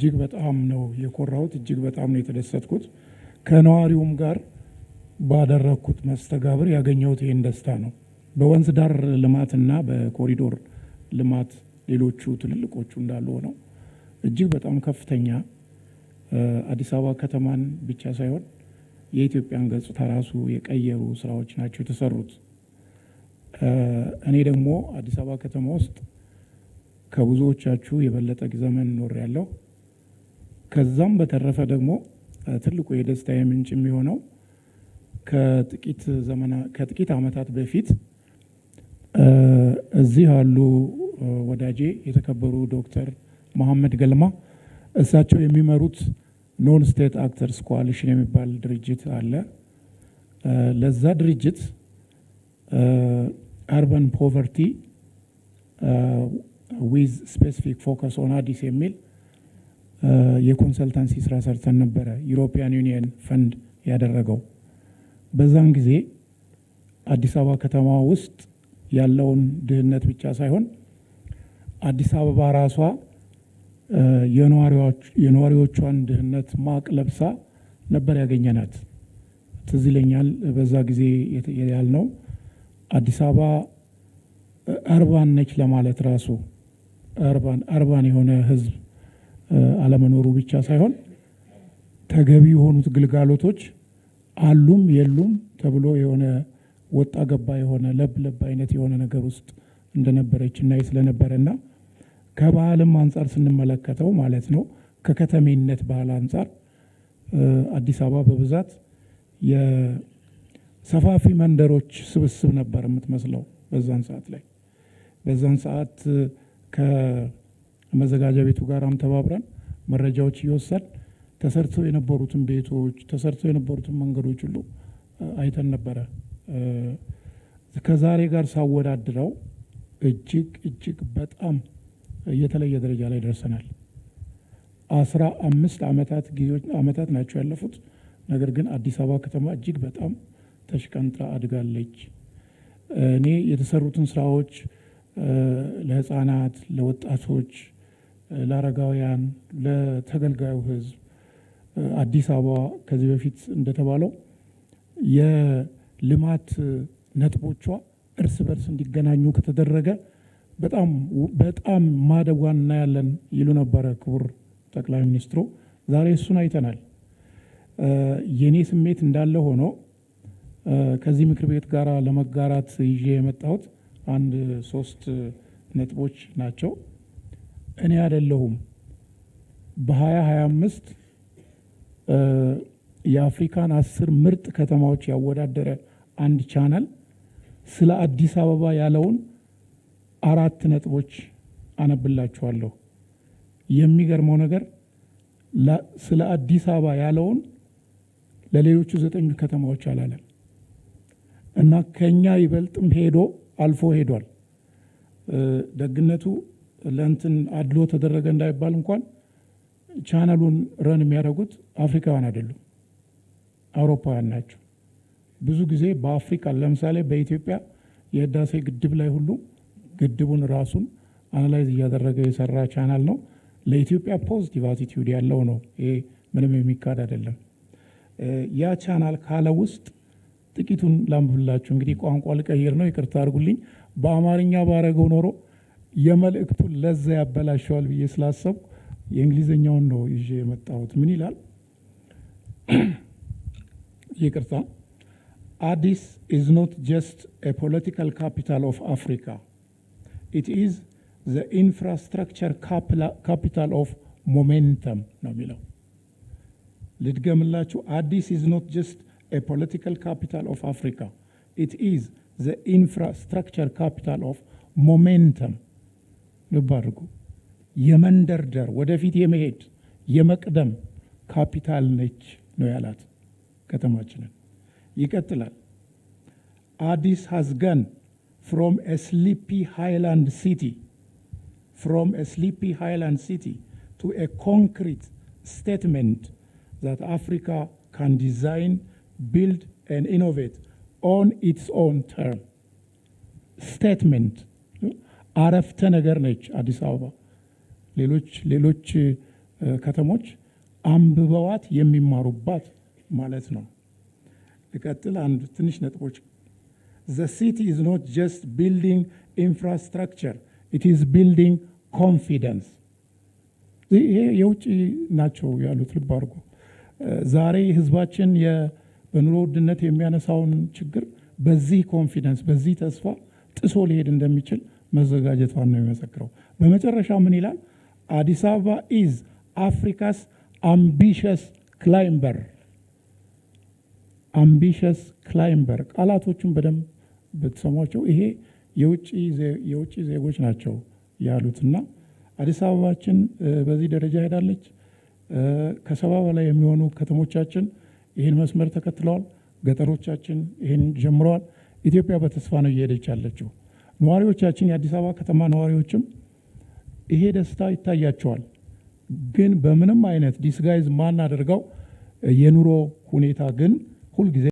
እጅግ በጣም ነው የኮራሁት። እጅግ በጣም ነው የተደሰትኩት። ከነዋሪውም ጋር ባደረግኩት መስተጋብር ያገኘሁት ይህን ደስታ ነው። በወንዝ ዳር ልማትና በኮሪዶር ልማት ሌሎቹ ትልልቆቹ እንዳሉ ሆነው እጅግ በጣም ከፍተኛ አዲስ አበባ ከተማን ብቻ ሳይሆን የኢትዮጵያን ገጽታ ራሱ የቀየሩ ስራዎች ናቸው የተሰሩት። እኔ ደግሞ አዲስ አበባ ከተማ ውስጥ ከብዙዎቻችሁ የበለጠ ዘመን ኖር ያለው ከዛም በተረፈ ደግሞ ትልቁ የደስታ የምንጭ የሚሆነው ከጥቂት ዓመታት በፊት እዚህ ያሉ ወዳጄ የተከበሩ ዶክተር መሐመድ ገልማ እሳቸው የሚመሩት ኖን ስቴት አክተርስ ኮሊሽን የሚባል ድርጅት አለ። ለዛ ድርጅት አርበን ፖቨርቲ ዊዝ ስፔሲፊክ ፎከስ ኦን አዲስ የሚል የኮንሰልታንሲ ስራ ሰርተን ነበረ። ዩሮፒያን ዩኒየን ፈንድ ያደረገው በዛን ጊዜ አዲስ አበባ ከተማ ውስጥ ያለውን ድህነት ብቻ ሳይሆን አዲስ አበባ ራሷ የነዋሪዎቿን ድህነት ማቅ ለብሳ ነበር ያገኘናት። ትዝ ይለኛል በዛ ጊዜ ያልነው አዲስ አበባ አርባን ነች ለማለት ራሱ አርባን የሆነ ህዝብ አለመኖሩ ብቻ ሳይሆን ተገቢ የሆኑት ግልጋሎቶች አሉም የሉም ተብሎ የሆነ ወጣ ገባ የሆነ ለብለብ አይነት የሆነ ነገር ውስጥ እንደነበረች እናይ ስለነበረ እና ከባህልም አንጻር ስንመለከተው ማለት ነው ከከተሜነት ባህል አንጻር አዲስ አበባ በብዛት የሰፋፊ መንደሮች ስብስብ ነበር የምትመስለው በዛን ሰዓት ላይ በዛን ሰዓት መዘጋጃ ቤቱ ጋራም ተባብረን መረጃዎች እየወሰድ ተሰርተው የነበሩትን ቤቶች ተሰርተው የነበሩትን መንገዶች ሁሉ አይተን ነበረ። ከዛሬ ጋር ሳወዳድረው እጅግ እጅግ በጣም የተለየ ደረጃ ላይ ደርሰናል። አስራ አምስት ዓመታት ዓመታት ናቸው ያለፉት። ነገር ግን አዲስ አበባ ከተማ እጅግ በጣም ተሽቀንጥራ አድጋለች። እኔ የተሰሩትን ስራዎች ለህፃናት፣ ለወጣቶች ለአረጋውያን፣ ለተገልጋዩ ህዝብ አዲስ አበባ ከዚህ በፊት እንደተባለው የልማት ነጥቦቿ እርስ በርስ እንዲገናኙ ከተደረገ በጣም በጣም ማደጓ እናያለን ይሉ ነበረ ክቡር ጠቅላይ ሚኒስትሩ። ዛሬ እሱን አይተናል። የኔ ስሜት እንዳለ ሆኖ ከዚህ ምክር ቤት ጋር ለመጋራት ይዤ የመጣሁት አንድ ሶስት ነጥቦች ናቸው። እኔ አይደለሁም በ2025 የአፍሪካን አስር ምርጥ ከተማዎች ያወዳደረ አንድ ቻናል ስለ አዲስ አበባ ያለውን አራት ነጥቦች አነብላችኋለሁ። የሚገርመው ነገር ስለ አዲስ አበባ ያለውን ለሌሎቹ ዘጠኙ ከተማዎች አላለም እና ከኛ ይበልጥም ሄዶ አልፎ ሄዷል ደግነቱ ለእንትን አድሎ ተደረገ እንዳይባል እንኳን ቻናሉን ረን የሚያደርጉት አፍሪካውያን አይደሉም፣ አውሮፓውያን ናቸው። ብዙ ጊዜ በአፍሪካ ለምሳሌ በኢትዮጵያ የህዳሴ ግድብ ላይ ሁሉ ግድቡን ራሱን አናላይዝ እያደረገ የሰራ ቻናል ነው። ለኢትዮጵያ ፖዚቲቭ አቲቲዩድ ያለው ነው። ይሄ ምንም የሚካድ አይደለም። ያ ቻናል ካለ ውስጥ ጥቂቱን ላንብብላችሁ። እንግዲህ ቋንቋ ልቀይር ነው፣ ይቅርታ አድርጉልኝ። በአማርኛ ባረገው ኖሮ የመልእክቱን ለዛ ያበላሸዋል ብዬ ስላሰብኩ የእንግሊዝኛውን ነው ይዤ የመጣሁት። ምን ይላል? ይቅርታ አዲስ ኢዝ ኖት ጀስት ኤ ፖለቲካል ካፒታል ኦፍ አፍሪካ ኢት ኢዝ ዘ ኢንፍራስትራክቸር ካፒታል ኦፍ ሞሜንተም ነው የሚለው። ልድገምላችሁ። አዲስ ኢዝ ኖት ጀስት ኤ ፖለቲካል ካፒታል ኦፍ አፍሪካ ኢት ኢዝ ዘ ኢንፍራስትራክቸር ካፒታል ኦፍ ሞሜንተም ልብ አድርጉ። የመንደርደር ወደፊት የመሄድ የመቅደም ካፒታል ነች ነው ያላት ከተማችንን። ይቀጥላል። አዲስ ሀዝገን ፍሮም ስሊፒ ሃይላንድ ሲቲ ፍሮም ስሊፒ ሃይላንድ ሲቲ ቱ ኤ ኮንክሪት ስቴትመንት ዛት አፍሪካ ካን ዲዛይን ቢልድ ኤንድ ኢኖቬት ኦን ኢትስ ኦን ተርም ስቴትመንት አረፍተ ነገር ነች አዲስ አበባ። ሌሎች ሌሎች ከተሞች አንብበዋት የሚማሩባት ማለት ነው። ልቀጥል። አንድ ትንሽ ነጥቦች ዘ ሲቲ ኢዝ ኖት ጀስት ቢልዲንግ ኢንፍራስትራክቸር ኢት ኢዝ ቢልዲንግ ኮንፊደንስ። ይሄ የውጭ ናቸው ያሉት ልብ አድርጎ። ዛሬ ህዝባችን በኑሮ ውድነት የሚያነሳውን ችግር በዚህ ኮንፊደንስ በዚህ ተስፋ ጥሶ ሊሄድ እንደሚችል መዘጋጀቷን ነው የሚመሰክረው። በመጨረሻ ምን ይላል? አዲስ አበባ ኢዝ አፍሪካስ አምቢሽስ ክላይምበር አምቢሽስ ክላይምበር። ቃላቶቹን በደንብ ብትሰሟቸው ይሄ የውጭ ዜጎች ናቸው ያሉትና አዲስ አበባችን በዚህ ደረጃ ሄዳለች። ከሰባ በላይ የሚሆኑ ከተሞቻችን ይህን መስመር ተከትለዋል። ገጠሮቻችን ይህን ጀምረዋል። ኢትዮጵያ በተስፋ ነው እየሄደች ያለችው። ነዋሪዎቻችን፣ የአዲስ አበባ ከተማ ነዋሪዎችም ይሄ ደስታ ይታያቸዋል። ግን በምንም አይነት ዲስጋይዝ ማናደርገው የኑሮ ሁኔታ ግን ሁልጊዜ